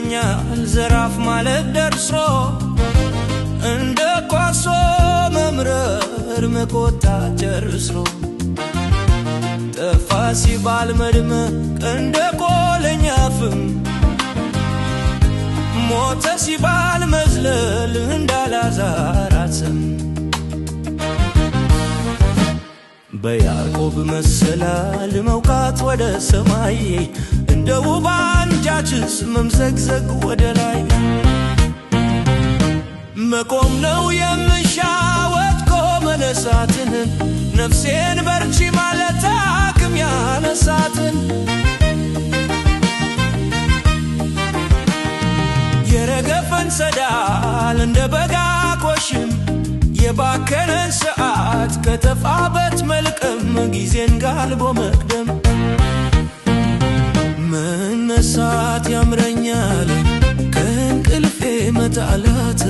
ይለኛል ዘራፍ ማለት ደርሶ እንደ ኳሶ መምረር መቆጣ ጨርሶ ጠፋ ሲባል መድመቅ እንደ ቆለኛ ፍም ሞተ ሲባል መዝለል እንዳላዛራትም በያዕቆብ መሰላል መውቃት ወደ ሰማይ እንደ ውብ አንጃችስ መምዘግዘግ ወደ ላይ መቆም ነው የምሻ ወድቆ መነሳትን ነፍሴን በርቺ ባከነን ሰዓት ከተፋበት መልቀም ጊዜን ጋልቦ መቅደም መነሳት ያምረኛል ከእንቅልፌ መጣላት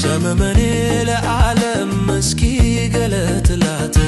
ሰመመኔ ለዓለም መስኪ ገለትላት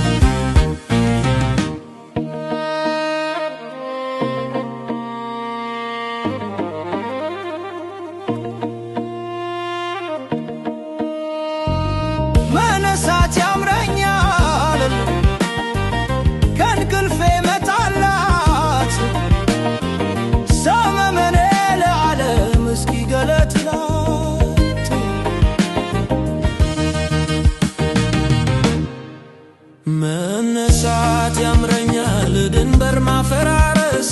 መነሳት ያምረኛል፣ ድንበር ማፈራረስ፣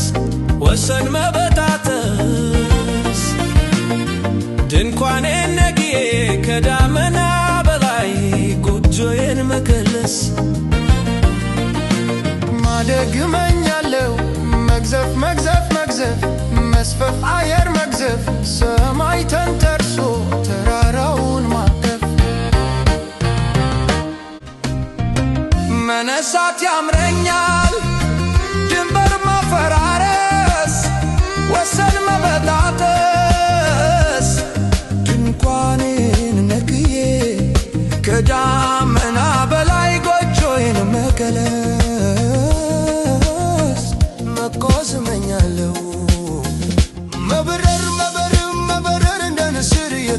ወሰን መበጣጠስ፣ ድንኳኔን ነግዬ ከዳመና በላይ ጎጆዬን መከለስ ማደግ እመኛለሁ መግዘፍ መግዘፍ መግዘፍ መስፈፍ አየር መግዘፍ ሰማይ ተንተርሶ ተራራውን ማቀፍ መነሳት ያምረ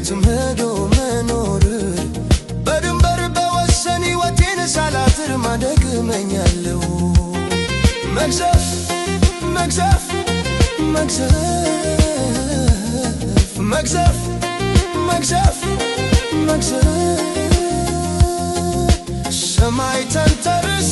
የትም ሄዶ መኖር በድንበር በወሰን ሕይወቴን ሳላትር ማደግ እመኛለሁ። መግዘፍ መግዘፍ መግዘፍ መግዘፍ መግዘፍ መግዘፍ ሰማይ ተንተርስ